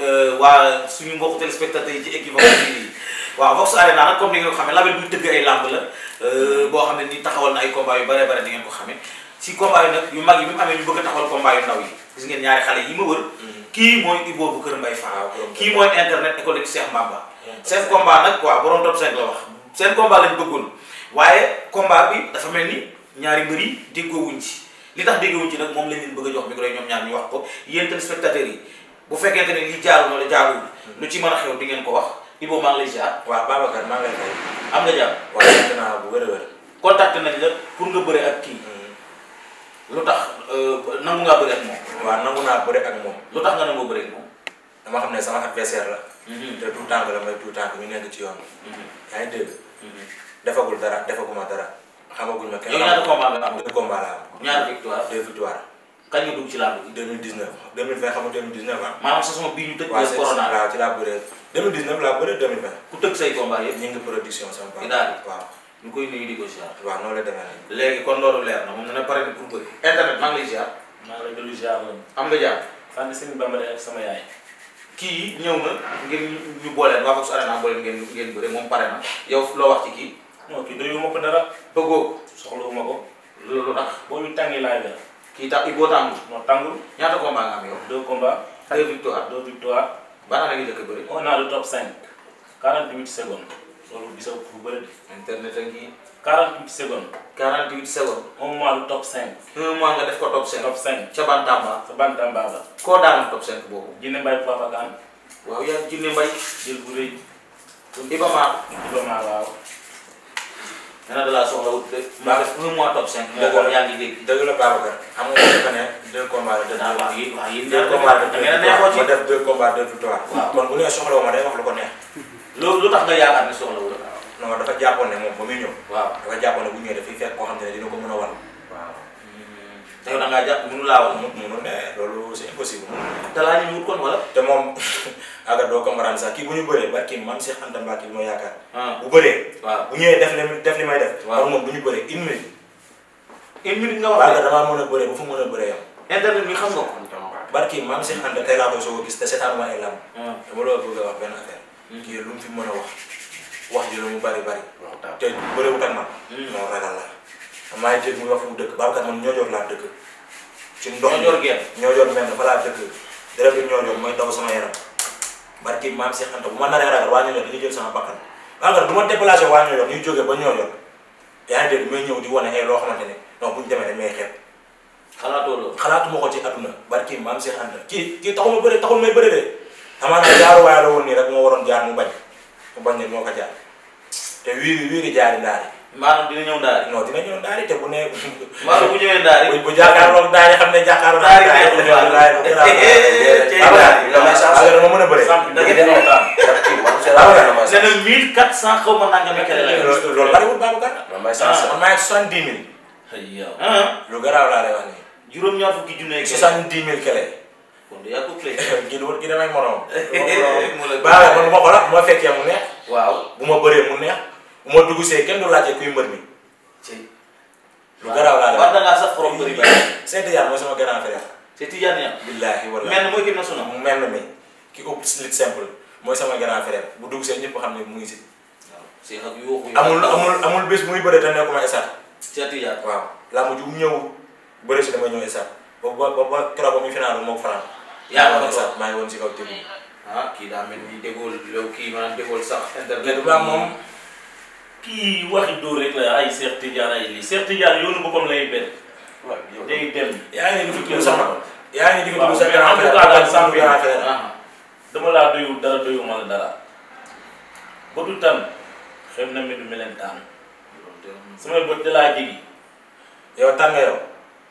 Euh, waa suñu mbokku téléspectateurs yi ci Equivox TV waaw Vox Arena nag comme ni ngeen ko xamee label buy tëgg ay làmb la euh, boo xam ne ni taxawal na ay combat yu bare bare ni ngeen ko xamee si combat yu nag yu mag yi mu amee ñu bëgg a taxawal combat yu ndaw yi gis ngeen ñaari xale yi ma wër mm-hmm. kii mooy Ibo bu Kër Mbaye Fall ah, kii mooy internet école de Cheikh Mbamba mm-hmm. seen combat nag waaw borom top 5 la wax seen combat lañ bëggoon waaye combat bi dafa ni ñaari mbër yi ci li tax déggoowuñ ci nag moom lañ leen bëgg a jox micro yi ñoom ñaar ñu wax ko yéen téléspectateurs bu fekkente ne li jaarul wala jaarul lu ci mën a xew di ngeen ko wax Ibo maa ngi lay ziar. waaw Babacar maa ngi lay fay. am nga jàmm. waaw sant naa bu wér a wér. contacté nañ la pour nga bëre ak kii. Mm-hmm. lu tax euh, nangu ngaa bëre ak moom. waaw nangu naa bëre moom. lu tax nga nangu bëre ak moom. dama xam ne sama adversaire la. Mm-hmm. te tout tànk la may tout tànk ñu nekk ci yoon. Mm-hmm. yaa ngi dégg. defagul dara defaguma dara. xamaguñ ma kenn. yow ñaata combat la am. deux combat la am. ñaata victoire deux victoire. kañ nga dugg ci làmb bi. 2019 2020 xam nga 2019 ah. maanaam saison bii ñu tëj. waaw corona waaw ah, ci laa bëree. 2019 laa bëree 2020. ku tëgg say combat yëpp. ñu ngi production sama papa. daal waaw. ñu koy nuyu di ko ziar. waaw noonu la demee léegi kon loolu leer na moom dana pare ni pour bëri. internet maa ngi lay ziar. maa ngi lay dellu ziar moom. am nga ziar. sant sëñ Bamba ak sama yaay. kii ñëw na ngeen ñu booleen waa moom pare na yow loo wax ci kii. non kii doyuma ko dara. bëggoo ko. loolu tax boo ñu tàngee kii ta Ibo tàngul. non tàngul. ñaata combat nga am yow. deux combats. deux victoires deux victoires. ban année nga jëkk bëri. on oh, a le top 5. 48 secondes. loolu bisa fu bëri. internet ak kii. 48 secondes. 48 secondes. un mois lu top 5. un mois nga def ko top 5. top 5 ca Bantamba. ca Bantamba la. koo daanam top 5 boobu. Jinne Mbaye Papa Kan. waaw yaa Jinne Mbaye. jël bu rëy. Iba Mar. Iba Mar waaw. dana dalaa soxla wut de. maa hmm. def de. ah waaw yéen waaw yéen ñaar ma def deux combats de victoire. waaw kon bu ñu nee soxla woo ma day ko neex. loolu lu tax nga yaakaar la. waaw non dafa jàppoon ne a hmm. jàpp mënu laa wan. mënu loolu c'est impossible. dalaa ñu wut kon wala. te moom aga doo ko maraan sax kii bu ñu bëree barki man Cheikh Anta Mbacke bi ma yaakaar. Ah. bu bëree. waaw bu ñëwee def li def li may def. waaw moom bu ñu bëree une minute. une minute nga wax aga damaa mën a bëree ba fu a bëree yam. internet bi xam nga ko. man Cheikh Anta tey laa koy soog a gis te seetaan ay ah. la bëgg a wax benn affaire. Hmm. lu mu fi mën a wax wax ji lu mu bari bari. te bëree wutal ma. Hmm. non ragal la maa ngi dégg muy wax fu mu dëkk Babacar man ñoo jor laa dëkk. ci ndox ñoo jor gerte ñoo jor mel ne laa dëkk dara ñoo jor barki maam Cheikh Anta bu ma na ragal waa Nioro dañuy jël sama bakkan waaw nga du ma déplacé waa Nioro ñuy jógee ba Nioro yaa ngi dégg may ñëw di wane ay loo xamante ne non bu ñu demee dañ may xeeb. xalaatoo loolu xalaatuma ko ci aduna barki maam Cheikh Anta kii kii taxul ma bëri taxul may bëri de xamaa naa jaaru waay la nii rek moo waroon jaar mu bañ mu bañ ne moo ko jaar te wiiri wiiri jaari ndaari maanaam dina ñëw daari non dina ñëw daari te bu ne maanaam bu ñëwee daari bu jàkkaarloo daari xam ne jàkkaarloo daari dama mën a bëre c'est le mille quatre cent xaw ma nangam kele la loolu bariwul Babacar man maay soixante dix mille lu garaaw laa lay wax nii juróom-ñaar fukki junne soixante dix mille kele kon de yaa ko clé gi wër gi damay moroom baa man bu ma ko la bu ma fekkee mu neex waaw bu ma bëree mu neex bu ma dugg see kenn du laajte kuy mbër mi. ci lu garaaw laa la wax da ngaa sax xorom bëri ba. Sey Tidiane mooy sama grand frère. Sey Tidiane yaa. billaahi wallaahi mel na mooy ki na sunu. mel na mi ki ëpp lit simple mooy sama grand frère bu dugg see ñëpp xam ne mu ngi si. waaw Seex ak yoo amul amul amul bés muy bëre te nekkuma esaat. Sey Tidiane waaw laa si ba ba ba keroog ba muy final moo ko maa ngi woon si kaw tegu. Ah, kii daa mel ni déggoo moom kii waxi dóor rek la ay Cheikh Tidiane ay lii Cheikh Tidiane yoonu boppam lay benn. waaw day dem. yaa ngi nekk tudd sama. yaa ngi nekk tudd sa grand frère waaw mais en tout cas dama laa doyul dara doyul ma la dara ba du tànn xëy na mi du melentaan samay bët da laa jigi yow tànn nga yow.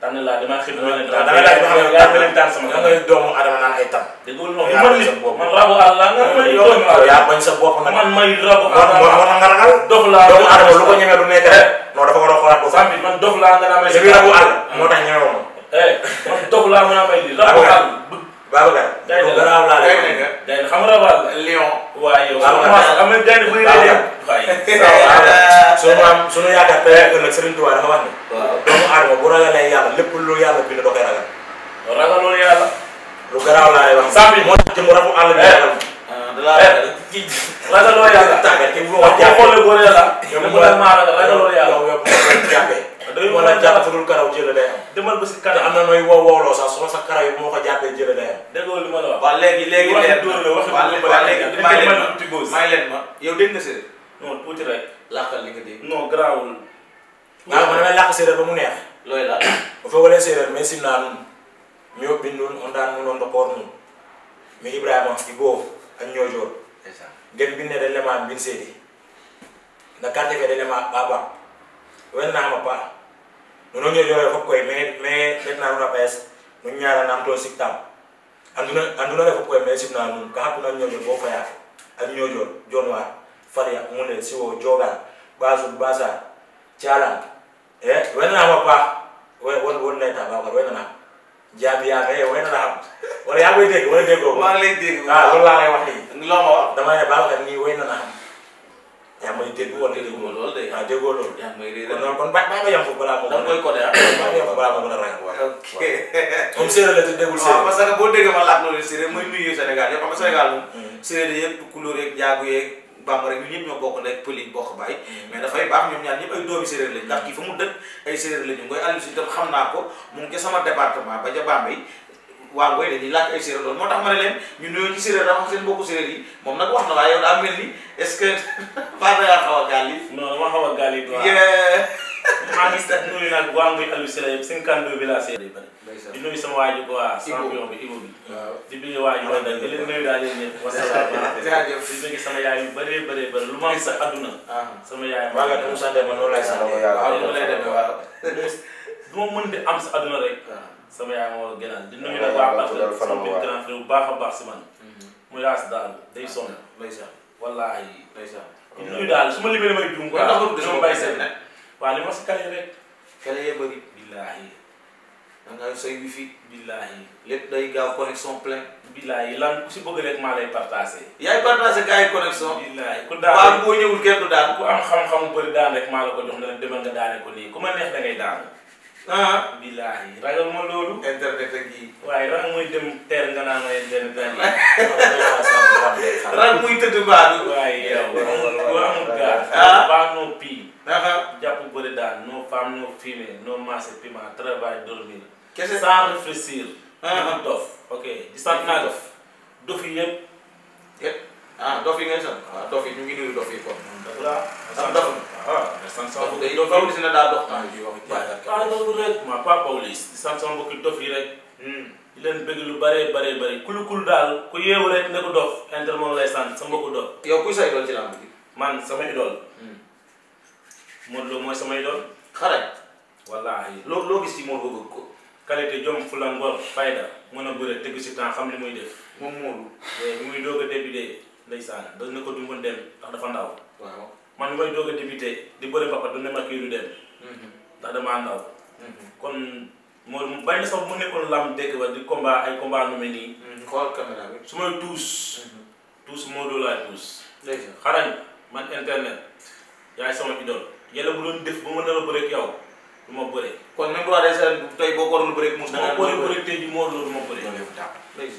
tànn laa damaa xëy na da nga laaj ba xam ne leen tànn sama nga ngay doomu adama naan ay tam. dëgg la man man man rabu àll nga may doomu àll yaa bañ sa bopp nag. man may rabu àll moo tax nga ragal. dof laa doomu adama lu ko ñemee lu nekk rek. Eh. non dafa war a xoolaat boppam. sàmmi man dof laa nga naa may. rabu àll moo tax ñemewuma. Eh, man dof laa nga naa may rabu àll. Babacar. day na garaaw laa day na xam nga daal Lion. waaw yow xam nga gaynde fu ñu lay dem. sunu maam sunu yaakaar tey ak ëllëg Serigne Touba dafa wax ni. waaw doomu aadama bu ragalee yàlla lépp lu yàlla bind da koy ragal. ragal loolu yàlla. lu garaaw laa lay wax. sàmm yi moo tax jëm rabu àll bi yàlla. Ah, ragal loolu yàlla. tàggat kii bu ma wax jàppee. boo xoolee boole yàlla. yow bu ma la maa ragal ragal loolu yàlla. yow yow doy wala jàpp fudul karaw jële day am. demal ba si karaw am na nooy wow wowloo sax su ma sa karaw yi moo ko jàppee jële day am. dëgg li ma la wax. waaw léegi léegi leer na waaw léegi may leen ma may leen ma yow dégg nga séeréer. non tuuti rek. làkkal li nga dégg. non garaawul. waaw man damay làkk séeréer ba mu neex. looy la bu fekkoon séeréer mais sim naa nun ñoo bindoon on daan munoon ndokoor nun mais Ibrahima i boobu ak ñoo joor. gën bi ne dañ la maa bin seedi na carte fe dañ la maa baabaam wen naa ma paa nono ñoo joxe fof koye mais mais ɗetnanuɗa ps non ñaranam to o anduna andunare fof koye mais simna num ka hakkunan ñoƴol bo fayake ak ñoƴol jonwar falya munde siwo jogal basul basa calan e eh, wenanama ba wonneta bakar wenanam jaabi yaa eh wenanam wala yaa koy dégg wala déggoo maa ngi lay dégg ah loolu laa lay wax nii loo ma wax dama ne baaxul ni wenanam yaa may dégg de ah déggoo loolu. yaa may réeréer kon moom. da nga koy ah. a séeréer la séeréer. waaw parce que boo moom. Mm. Mm. Mm. mu dëkk ay séeréer lañu mooy Aliou si xam naa ko mu ngi sama département ba ca Bambey waa booy dañuy làkk ay séeréer loolu moo tax ma leen ñu nuyoo ci séeréer dafa seen mbokku séeréer yi moom nag wax na waaye yow daa mel ni est-ce que yaa xaw a gaal yi. non dama xaw a ngi sa adduna. sama yaay ma noonu lay sa adduna rek. Ah. sama yaay moo gënal di nuyu ah, nag waa Parcelles sama biir grand frère bu baax a baax si man mhm. muy laas daal day sonn ah, ndeysaan wallaahi ndeysaan ah. di nuyu daal su ma libéré may juum quoi dama bàyyi seen nag waaw li ma si kale rek kale billaahi da nga say wifi billaahi lépp day gaaw connexion plein billaahi lan ku si bëgg rek maa lay partagé yaay partagé billaahi ku daan waaw boo ñëwul kenn du daan ku am xam-xam bëri daan rek maa ko jox ne demal ah billaahi ragal ma loolu. internet ak yi. waaye ragal muy dem teer nga naan internet ak yi. ragal muy tëdd baadu. waaye yow bu amul gaal. ah baa noo pii. jàpp bëri daal no femme no fumier no masse piment travail dormir. kese sans réfléchir. ñu ah. dof ok di naa dof. dof yi yëpp. yëpp ah dof yi ngeen sant. waaw ah, dof yi ñu ngi nuyu dof yi kon. sant sama mbokk yi doon Pawlish na daa dox temps yi wax ah loolu rek ma pas Pawlish di dof yi rek hmm. di leen bëgg lu bëree bëree bëri kulu kul daal ku yeewu rek ne ko dof inter moom lay sant sa mbokku dof yow kuy sa idol ci lamb bi man sama idol hmm. Modou Lo mooy sama idol xarañ wallaahi loo loo gis ci Modou Lo bëgg ko qualité jom fula ngor fayda mën a bëre tëgg si temps xam li muy def moom Modou eh, bi muy doog a débuté ndeysaan dañ na man mooy doog a débuté di bëri papa du ne ma kii du dem. Mhm. ndax damaa ndaw. Mhm. kon moo mu bàyyi sax mu nekkoon lam dëkk ba di combat ay combat nu mel nii. Mhm. xool caméra bi su may tuus. tuus Modou laay tuus. xarañ man internet yaay sama idole yàlla bu doon def ba ma nar a bëreeg yow du ma bëreeg. kon même bu ma dee sa tey boo ko waroon a bëreeg. mu dana bëreeg dama bëreeg bëreeg tey jii Modou la du ma bëreeg. dëgg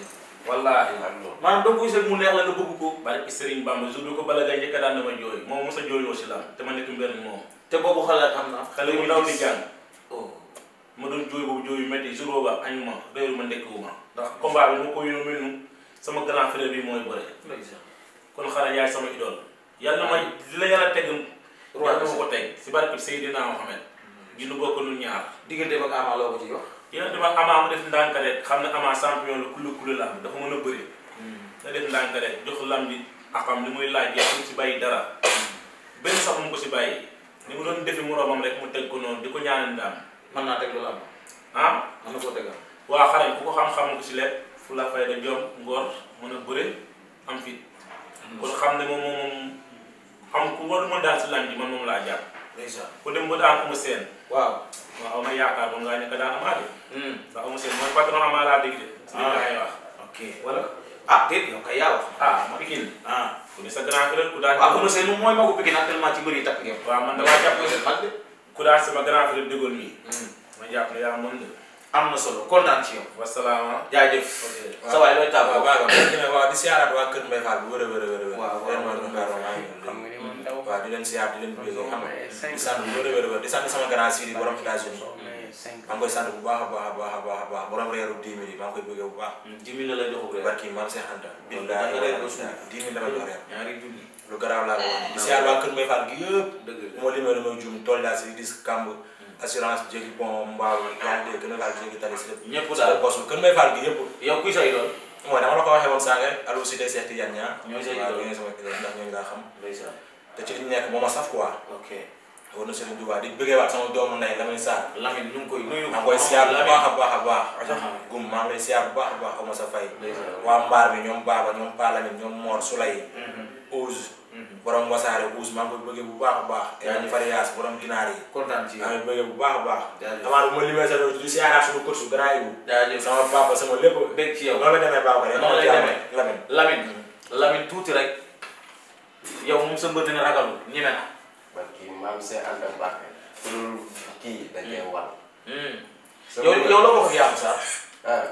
wallaahi maanaam doo ko gisee mu neex la nga bëgg ko barki Serigne Bamba jour bi ko bala ngay njëkk daan dama jooy moom mos a jooyoo si lam te ma nekk mbir moom te boobu xalaat am na xale yu ndaw di jàng oh. ma doon jooy yu métti jour boobu añ ma réeru ma ndekk wu ma ndax mm. combat bi ma ko yónnee mel nu sama grand frère bi mooy bëre kon xanaa yaay sama idole yàlla ma li la yàlla teg yàlla ma ko teg si barki Seydina Mohamed mm. ñu nu bokk ñun ñaar diggante ak Ama ko ci wax yéen dama amaa mu def ndànk rek xam ne amaa champion la kula kula la dafa mën a bëri. na hmm. def ndànk rek jox lam bi axam li muy laaj yéen mu ci bàyyi dara hmm. benn sax mu ko ci bàyyi ni mu doon defi moroomam rek mu teg ko noonu di ko ñaanal ndam. mën naa teg loolu am. ah mën na koo tegal. waa xale ku ko xam-xam ko ci lekk fu la fay da jom ngor mën a bëri am fit. Hmm. kon xam ne moom moom xam ku war mën daal ci lam bi man moom laa jàpp. ku dem ba daan am waaw ma aw ma yaakaar ba a ñàkk daan amaa de. ndax monsieur mooy patron amaa laa dégg a ah. wax ok wala. ah déedéet yow kay yaa wax. ah ma Pikine. ah ku ne sa grand frère ku daan. waaw ku ne seen mooy ma ko Pikine actuellement ci mbir yi takk ngeen. waaw man damaa jàpp ne ku daan sama grand frère déggoon nii. Hmm. ma jàpp ne yaa mën de. am na solo kontaan ci yow. wasalaama jaajëf. sa waay looy tàggoo waaw waaw di siyaaraat waa Kër Mbaye Fall bu wërëwërë. waaw waaw waaw waaw di leen siyaar di leen bëggee oh, xam nga di sant bu wér a wér di sant sama grand Sidi borom États-Unis oh, maa ngi koy sant bu baax a baax a baax a baax a baax borom reeru dix mille yi maa ngi koy bëggee bu baax mm, dix mille la jox barki maam Cheikh Anta billahi dix mille la ma jox reer ñaari junni lu garaaw laa ko wax di siyaar waa kër Mbaye Fall gi yëpp dëgg moo limee la may juum tool daa si dis kàmb mm. assurance jéegi bon mbaaw yaa ngi gën a laal jéegi tali si ñëpp daal poste kër Mbaye Fall gi yëpp yow kuy say doon mooy dama la ko waxee woon sànq Aliou Cité Cheikh Tidiane ñaa ñooy say doon ñooy sama ndax ñooñu laa xam te ci li ñu nekk moom a saf quoi. ok war na Serigne Touba di bëggee waat sama doomu ndey Lamine Sarr. Lamine ñu ngi koy nuyu. maa ngi koy siyaar a baax a baax. Ah, gum maa ngi lay siyaar bu baax a baax Omar sa fay. waa mbaar bi ñoom Baba ñoom Pa Lamine ñoom Mor Soulay. Mhm. Ousse. Mhm. borom wasaare Ousse maa ngi koy bëggee bu baax a baax. yaa ngi fariyaas borom ginaar yi. kontaan ci yow maa ngi bu baax a baax. jaajëf amaat bu sa doon di siyaaraat a kër su grand yi. jaajëf sama papa sama lépp. dégg ci yow noonu la demee Baba rek. noonu la demee Lamine tuuti rek yow moom sa mbër dina ragalul ñeme na. ba kii maam see ànd ak bàkke loolu kii da cee war. Hmm. yow yow la ah, ko fi ah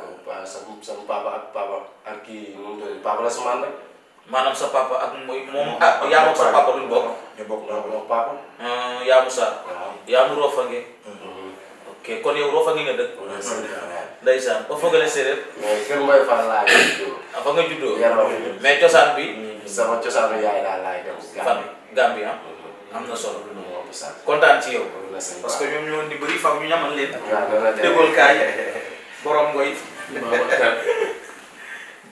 kon pa sa sa papa ak papa ak kii nu mu papa la sama ànd rek. maanaam sa papa ak mooy moom ah yaamu sa papa duñ bokk. ñu bokk naa ko papa. Ah, yaamu sa. waaw yaamu Rofange. Mm-hmm. ok kon yow Rofange nga dëkk. ndeysaan ba foogale séeréer. mais kër Mbaye Fall laa juddoo. ah fa nga juddoo. mais sama cosaanu yaay daal laay dem. fan Gambie ah? mm-hmm. am na solo. lu ma ëpp sax kontaan ci yow. parce que ñoom ñoo di bëri fam ñu ñamal leen. déggool kaay borom ngoy.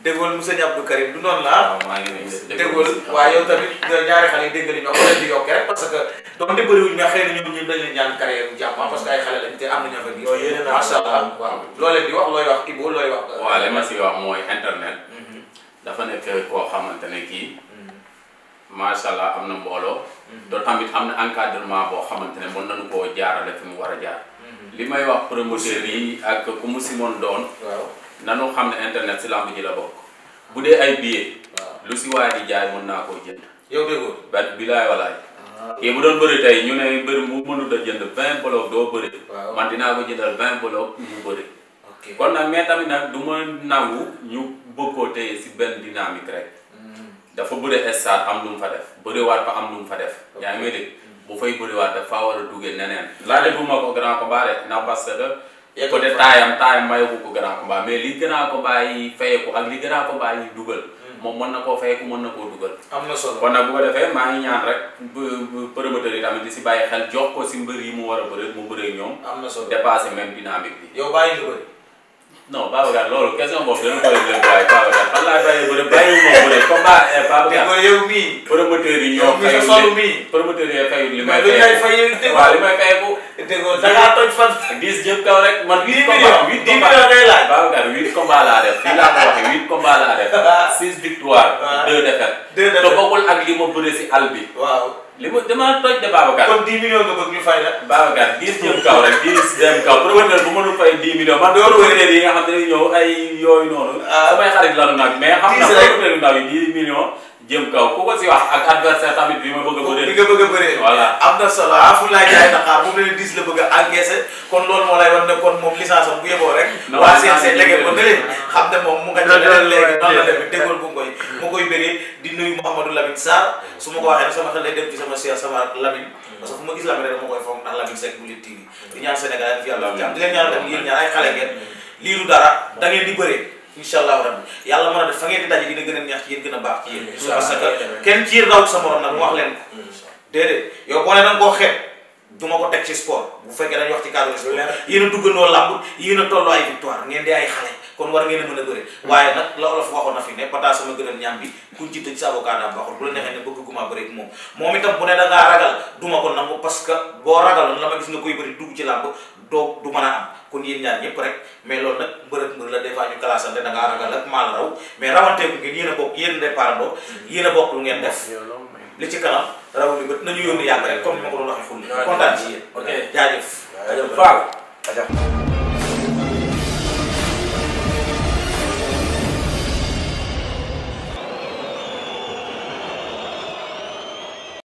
déggool monsieur Abdou Karim du noonu la maa ngi nuyu déggool waaye yow tamit ñaari xale yi dégg nañu wax leen di rek parce que donte bëriwuñ nga xëy na ñoom ñun dañ leen ñaan carrière bu ah, parce que ay xale lañ te am nañu affaire yi. macha allah waaw loo wax looy wax Ibo looy wax. waaw li ma si dafa nekk koo xamante ne kii mm-hmm. macha allah am na mbooloo. Mm-hmm. te tamit am na encadrement boo xamante ne mën nañu koo jaarale fi mu war a jaar. Mm-hmm. li may wax promoteur yi ak ku mu si mën doon. na nanu xam ne internet si lamb ji la bokk. bu dee ay billet. lu si waay di jaay mën naa koo jënd. yow déggoo ba bilaay walaay. Ah. kii bu doon bëri tey ñu ne bëri mu mënut a jënd vingt bloc doo bëri. man dinaa ko jëndal vingt bloc mu bëri. kon nag mais nag du ma nangu ñu. bëgg koo téye si benn dynamique rek. Mm. dafa bëre stade am lu mu fa def bëriwaat fa am lu mu fa def. yaa ngi may dégg mm. bu fay bëriwaat dafa war a duggee neneen. laajee bu ma ko grand combat rek na parce que. yéeg ko de taayam taayam mayeeku ko grand combat mais li grand combat yi fayeeku ak li grand combat yi dugal. Mm. moom mën na koo fayeeku mën na koo dugal. am na solo kon nag bu ko defee maa ngi ñaan rek bu promoteur yi tamit si bàyyi xel jox ko si mbër yi mu war a bëri mu bëree ñoom. na solo dépassé même dynamique non Babacar loolu question boobu dana ko réglé waaye Babacar fan laa bàyyi bëre bàyyiwuma bëre combat Babacar yow mii promoteur yi ñoo fayul li promoteur yi fayul li may fay waaw li may fay bu déggoo da ngaa toj fan dix jëm kaw rek man huit combat huit combat ngay laaj Babacar huit combat laa def fii laa ko waxee huit combat laa def six victoire deux défaites te ah. bokkul ak li ma bëre si àll bi waaw li ma dama toj de Babacar kon dix millions nga bëgg ñu fay la Babacar dix jëm kaw rek dix jëm kaw promoteur bu mënul fay 10 millions man dooru wér yi nga xam ne ñëw ay yooyu noonu. Ah. samay xarit lan nag mais xam naa ko ndaw yi 10 millions. jëm kaw ku ko si wax ak adversaire tamit bi ma bëgg a bëree. bi bëgg a bëree. am na solo ah fu laay jaay naqaar moom la diis la bëgg a encaissé kon loolu moo lay wan ne kon moom licence am ko nële xam sama xel lay dem ci sama siya sama Lamine parce que fu ma gis Lamine ma koy foog ndax Lamine Seck bu leen TV ñaan Sénégal fi yàlla di leen ñaanal tamit yéen ñaan ay xale ngeen lii du dara da ngeen di bëree incha allah rabbi yàlla mën a def fa ngeen di daje dina gën a neex ci yéen gën a baax ci yéen parce que kenn ci yéen rawut sa morom nag mu wax leen ko mm. déedéet yow boo ne danga koo xeet du ma ko teg ci sport bu fekkee dañ wax ci cadre sport yéen a duggandoo noo yéen a tolloo ay victoire ngeen di ay xale kon war ngeen a mën a bëre waaye hmm. nag la olof waxoon na fi ne pataa sama gënal ñaam bi kuñ ci sa avocat daa bu la neexee ne bëgg guma bëre moom moom itam bu ne da ragal duma ko nangu parce que boo ragaloon la ma gis nga koy bëri dugg ci làmb doo du mën a am kon yéen ñaar ñëpp rek mais loolu nag mbër ak mbër la des fois ñu classante da ngaa ragal ak maal raw mais rawanteeku ngeen yéen a bokk yéen départandoo hmm. yéen a lu ngeen def li ci kanam raw li bët nañu yónni yàgg comme ni